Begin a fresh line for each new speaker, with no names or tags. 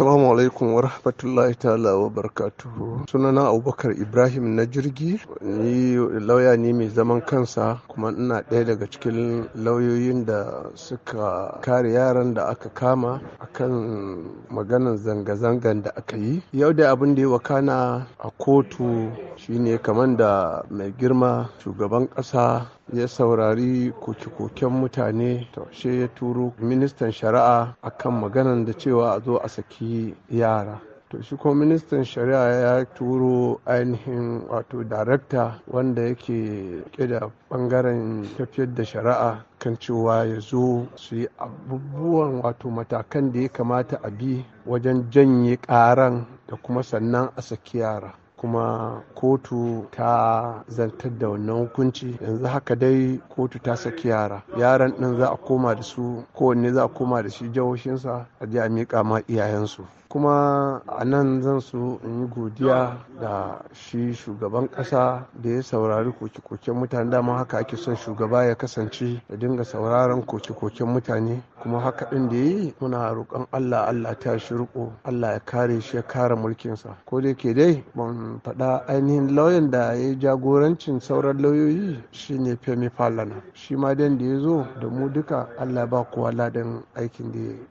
Assalamu alaikum wa rahmatullahi ta'ala wa barakatuhu. Sunana Abubakar Ibrahim na jirgi, ni lauya ne mai zaman kansa kuma ina ɗaya daga cikin lauyoyin da suka kare yaran da aka kama a kan maganan zanga-zangan da aka yi. Yau da abin da ya wakana a kotu shine kamar da mai girma shugaban ƙasa ya saurari koke-koken mutane taushe ya turo ministan shari'a akan maganan da cewa a zo a saki yara to shi kuma ministan shari'a ya turo ainihin wato darakta wanda yake da bangaren tafiyar da shari'a kan cewa ya zo su yi abubuwan wato matakan da ya kamata a bi wajen janye karan da kuma sannan a saki yara kuma kotu ta zartar da wannan hukunci yanzu haka dai kotu ta saki yara yaran ɗin za a koma da su kowanne za a koma da shi jihohinsa a je a miƙa ma iyayensu kuma a nan zan so in yi godiya da shi shugaban ƙasa da ya saurari koke-koken mutane dama haka ake son shugaba ya kasance da dinga sauraron koke-koken mutane kuma haka ɗin da yi muna roƙon allah allah ta shi riko allah ya kare shi ya kare mulkinsa ko da ke dai ban faɗa ainihin lauyan da ya yi jagorancin sauran lauyoyi shine femi falana shi ma dan da ya zo da mu duka allah ba kowa ladan aikin da ya yi